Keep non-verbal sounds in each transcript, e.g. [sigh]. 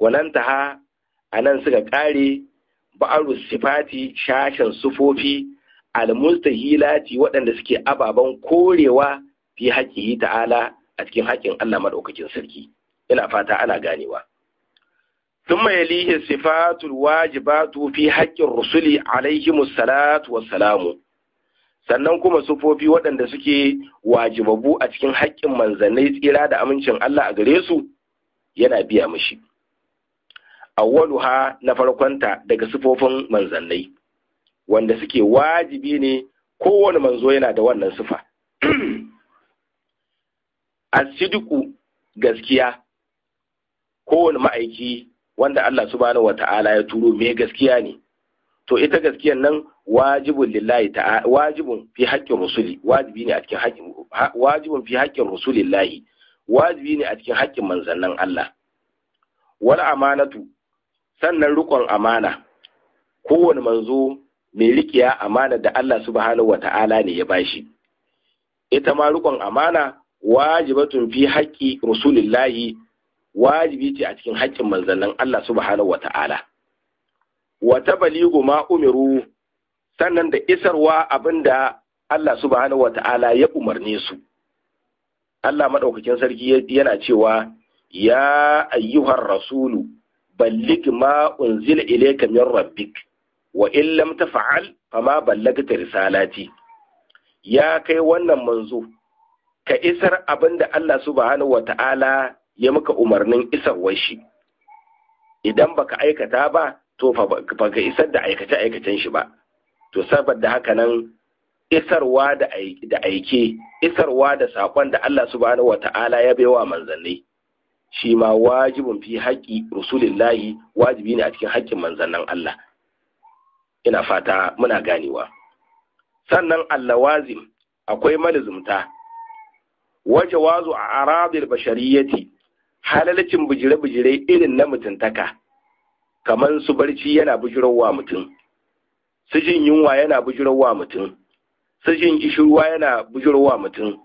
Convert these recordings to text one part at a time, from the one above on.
ha a nan suka ƙare ba'aru sifati shashin sufofi almustahilati waɗanda suke ababen korewa fi haƙƙihi ta'ala a cikin haƙƙin Allah maɗaukakin sarki ina fata ana ganewa thumma yalihi sifatul wajibatu fi haƙƙin rusuli alaihimus salatu salamu, sannan kuma sufofi waɗanda suke wajibabu a cikin haƙƙin manzannai tsira da amincin Allah a gare su yana biya mishi awwaluha na farkonta daga sifofin manzannai wanda suke wajibi ne kowane manzo yana da wannan sifa asidiku [clears throat] gaskiya kowane ma'aiki wanda Allah subhanahu wata'ala ya turo mai gaskiya ne to ita gaskiyan nan wajibun lillahi ta'ala wajibun fi haƙƙin rusuli wajibi ne a cikin haƙƙin wajibun fi haƙƙin rusulillahi wajibi ne a cikin haƙƙin manzannin Allah wal amanatu sannan rukon amana kowane manzo mai rikiya amana da Allah subhanahu ta'ala ne ya bashi ita ma rukon amana wajibatun fi haƙƙi rasulillahi wajibi ce a cikin haƙƙin manzannin Allah subhanahu ta'ala wata baligu ma umiru sannan da isarwa abinda Allah subhanahu ta'ala ya umarne su Allah maɗaukakin sarki yana cewa ya ayyuhar rasulu ballig ma unzila ilayka min rabbik wa in lam tafa'al fama ballagta risalati ya kai wannan manzo ka isar abinda Allah subhanahu wata'ala ya maka umarnin isarwar shi idan baka aikata ba to ba ka isar da aikace-aikacen shi ba to saboda haka nan isarwa da aike isarwa da saƙon da Allah subhanahu wa ta'ala ya baiwa manzanni shi ma wajibin fi haƙi rasulillahi wajibi ne a cikin haƙƙin manzannin Allah ina fata muna ganewa sannan Allah wazim akwai malizumta waje wazu a arabil bashariyati halalcin bijire-bijire irin na mutuntaka kamar su barci yana bujirowa mutum su jin yunwa yana bujirowa mutum su jin ishirwa yana bujirowa mutum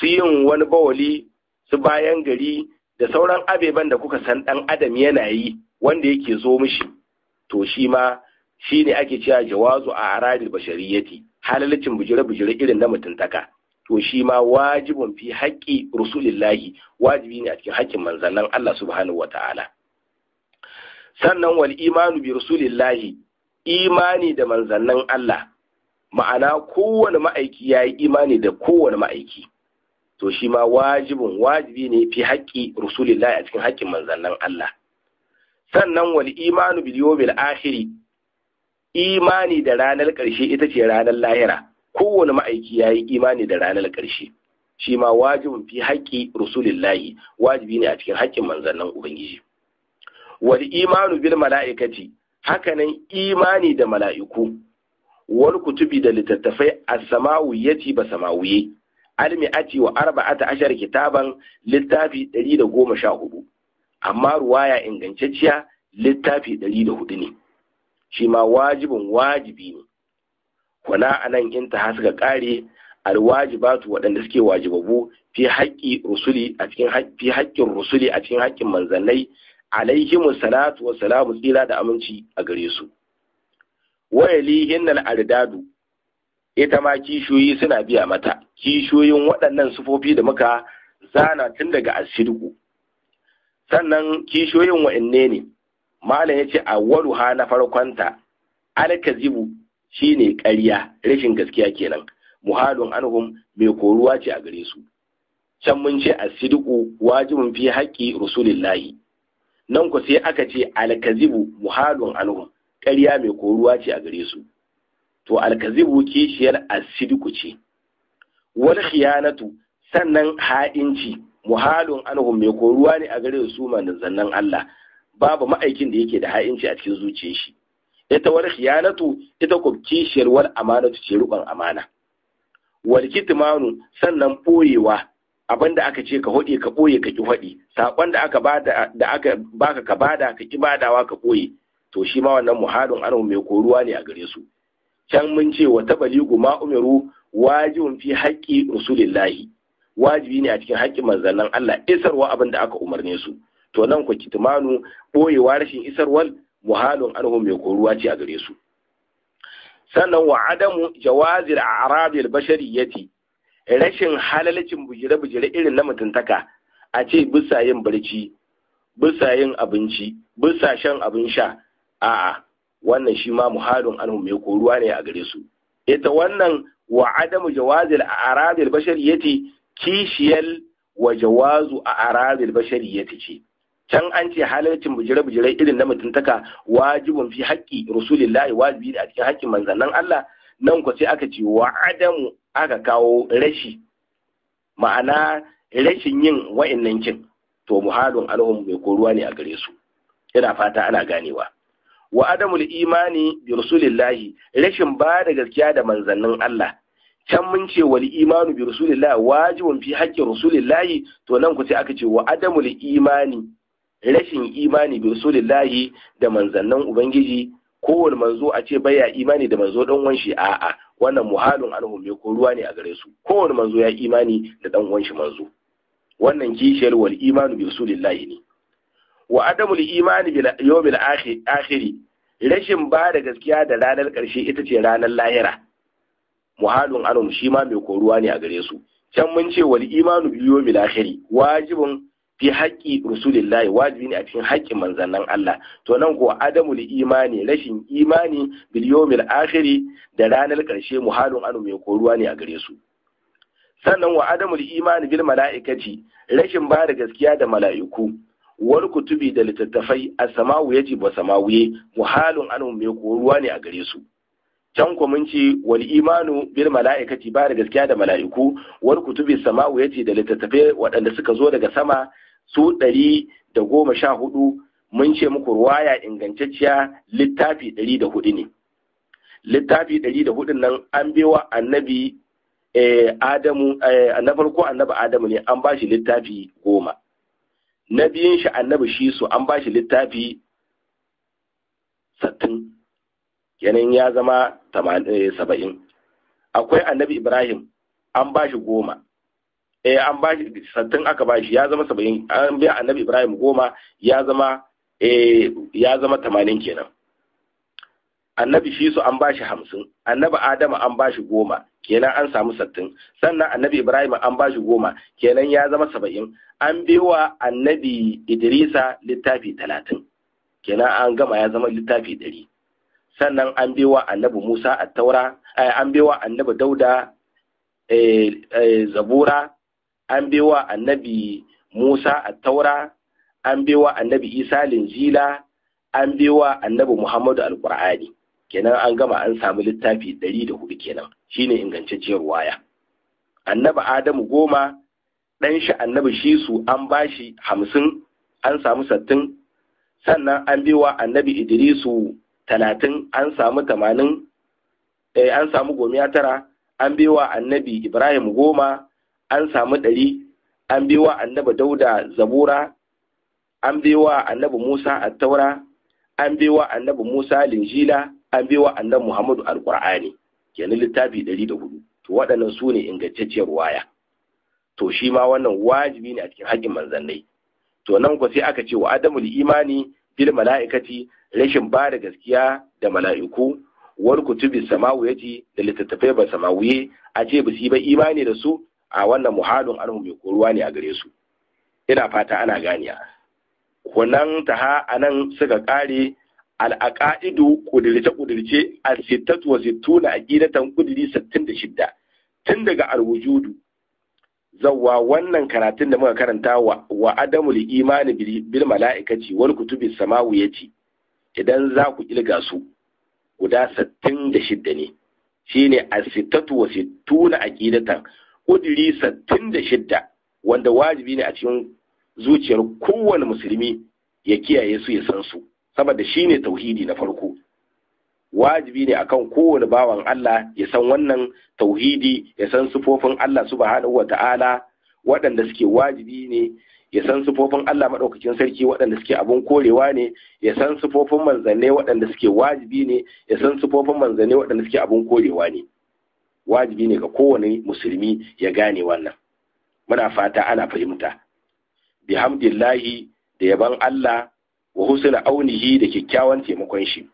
su yin wani bawali su bayan gari da sauran abeban da kuka san ɗan adam yana yi wanda yake zo mishi to shi ma shi ne ake cewa jawazu a haradil bashariyati halalcin bujire-bujire irin na mutuntaka to shi ma wajibin fi haƙƙi rasulillahi wajibi ne a cikin haƙƙin manzannin Allah subhanahu wa ta'ala sannan wal imanu bi rasulillahi imani da manzannin Allah ma'ana kowane ma'aiki ya yi imani da kowane ma'aiki to shi ma wajibin wajibi ne fi haƙƙi rasulillahi a cikin haƙƙin manzannin Allah sannan wani imanu bil mil imani da ranar ƙarshe ita ce ranar lahira kowane ma'aiki ya yi imani da ranar ƙarshe shi ma wajibin fi haƙƙi rasulillahi wajibi ne a cikin haƙƙin manzannin ubangiji Wani imanu bil mala'ikati hakanan imani da mala'iku Wani kutubi da littattafai a as ci ba samawiye almi ati wa arba'ata ashar kitaban littafi 114 amma ruwaya ingantacciya littafi 104 ne shi ma wajibin wajibi ne a anan in ta haska kare alwajibatu waɗanda suke wajibabu fi haƙƙi rusuli a cikin fi haƙƙin rusuli a cikin haƙƙin manzannai alaihimu salatu wa salamu tsira da aminci a gare su wayali hinnal ardadu ita ma kishiyoyi suna biya mata kishiyoyin waɗannan sufofi da muka zana tun daga asirgu sannan kishiyoyin wa'anne ne malam ya ce a waruha na farkonta alkazibu shine ƙarya rashin gaskiya kenan muhalun anhum mai koruwa ce a gare su can mun ce asidiku wajibin fi haƙƙi rasulillahi nan ku sai aka ce alkazibu muhalun anhum ƙarya mai koruwa ce a gare su to alkazibu kishiyar asidiku ce wal khiyanatu sannan ha'inci muhalun anhum mai koruwa ne a gare su zannan Allah babu ma'aikin da yake da ha'inci a cikin zuciyar shi ita wal khiyanatu ita ko wal amanatu ce rubon amana wal kitmanu sannan boyewa abinda aka ce ka hode ka boye ka ki hoɗe, sakon da aka bada da aka baka ka bada ka ki badawa ka boye to shi ma wannan muhalun anhum mai koruwa ne a gare su can mun ce wa tabaligu ma umiru wajibun fi haƙƙi rasulillahi wajibi ne a cikin haƙƙin manzannin Allah isarwa abin da aka umarne su to nan ku kitmanu boyewa rashin isarwal muhalun anhu mai koruwa ce a gare su sannan wa adamu jawazil arabil bashariyati rashin halalcin bujire-bujire irin na mutuntaka a ce bisa yin barci bisa yin abinci bisa shan abin sha a'a wannan shi ma muhadun anhum mai koruwa ne a gare su ita wannan wa adamu jawazil a aradil kishiyal wa jawazu a aradil bashariyati ce can an ce halarcin bujire-bujire irin na mutuntaka wajibin fi haƙƙi rasulillahi wajibi a cikin haƙƙin manzannin Allah nan ku sai aka ce wa adamu aka kawo rashi ma'ana rashin yin wa'innan kin to muhalun alhum mai koruwa ne a gare su ina fata ana ganewa wa adamul imani bi rasulillahi rashin ba da gaskiya da manzannin Allah can mun ce wal imanu bi rasulillahi wajibun fi haqqi rasulillahi to nan ku ce aka ce wa adamul imani rashin imani bi rasulillahi da manzannin ubangiji kowane manzo a ce baya imani da manzo dan uwan shi a'a wannan muhalun anhum me ko ruwa ne a gare su kowane manzo ya imani da dan uwan manzo wannan kishiyar wal imanu bi rasulillahi ne wa adamul imani bil yawmil akhiri rashin ba da gaskiya da ranar karshe ita ce ranar lahira muhalun anum shi ma mai koruwa ne a gare su can mun ce wal imanu bil yawmil akhiri wajibun fi haƙƙi rasulillahi wajibi ne a cikin haƙƙin manzannin Allah to nan ko adamul imani rashin imani bil yawmil akhiri da ranar karshe muhalun anum mai koruwa ne a gare su sannan wa adamul imani bil mala'ikati rashin ba da gaskiya da mala'iku wal kutubi da litattafai a samawu ba wa muhalin muhalun anhum mai koruwa ne a gare su can ku mun ce wal imanu bil mala'ikati ba da gaskiya da mala'iku wal kutubi samawu ce da litattafai waɗanda suka zo daga sama su ɗari da goma sha hudu mun ce muku ruwaya ingantacciya littafi ɗari da hudu ne littafi ɗari da hudun nan an bewa annabi eh, Adamu eh, na farko annabi Adamu ne an ba shi littafi goma na biyun shi annabi shi su an ba shi littafi sattin kenan ya zama eh, saba'in akwai annabi ibrahim an ba shi goma eh an ba shi sattin aka ba shi ya zama saba'in an biya annabi ibrahim goma ya zama eh ya zama tamanin kenan annabi shi su an ba shi hamsin annabi adama an ba shi goma kenan an samu sattin sannan annabi ibrahim an ba shi goma kenan ya zama saba'in an biwa annabi idrisa littafi talatin kenan an gama ya zama littafi ɗari sannan an biwa annabi musa a taura eh, an biwa annabi dauda eh, eh, zabura an biwa annabi musa a taura an biwa annabi isa linjila an biwa annabi muhammadu alkur'ani kenan an gama an samu littafi ɗari da hudu kenan shine ingantacciyar waya annabi adamu goma ɗan shi annabi shisu an bashi hamsin an samu sattin sannan an biwa annabi idrisu talatin an samu tamanin eh, an samu gomiya tara an biwa annabi ibrahim goma an samu ɗari an biwa annabi dauda zabura an biwa annabi musa attaura an biwa annabi musa linjila an bi wa annan muhammadu alƙur'ani kenan littafi ɗari da hudu to waɗannan su ne ingantacciyar waya to shi ma wannan wajibi ne a cikin haƙƙin manzannai to nan ko sai aka ce wa adamu imani bil mala'ikati rashin ba da gaskiya da mala'iku wal kutubi samawiyati da littattafai ba samawiye a ce ba su ba imani da su a wannan muhalin anhu mai koruwa ne a gare su ina fata ana ganiya kunan ta ha anan suka kare al'aqaidu kudirce kudirce a sittatu wa sittuna aqidatan kudiri tun daga alwujudu zawwa wannan karatun da muka karanta wa, wa adamul imani bil kutubin wal kutubi ce, idan za ku ƙirga su guda da shidda ne shine as-sittatu wa sittuna aqidatan da shidda wanda wajibi ne a cikin zuciyar kowane musulmi ya kiyaye su ya san su saboda shi ne tauhidi na farko wajibi ne akan kowane bawan Allah ya san wannan tauhidi ya san sufofin Allah subhanahu wata'ala waɗanda suke wajibi ne ya san sufofin Allah maɗaukakin sarki waɗanda suke abun korewa ne ya san sufofin manzanne waɗanda suke wajibi ne ya san sufofin manzanne waɗanda suke abun korewa ne wajibi ne ga kowane musulmi ya gane wannan muna fata ana fahimta bihamdillahi da yaban Allah wa husna aunihi da kyakkyawan taimakon shi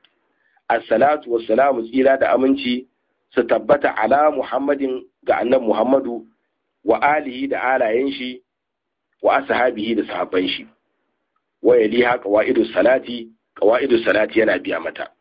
assalatu wassalamu tsira da aminci su tabbata ala muhammadin ga annabi muhammadu wa alihi da alayen shi wa ashabihi da sahabban shi wa yali haka wa'idu salati qawaidu salati yana biya mata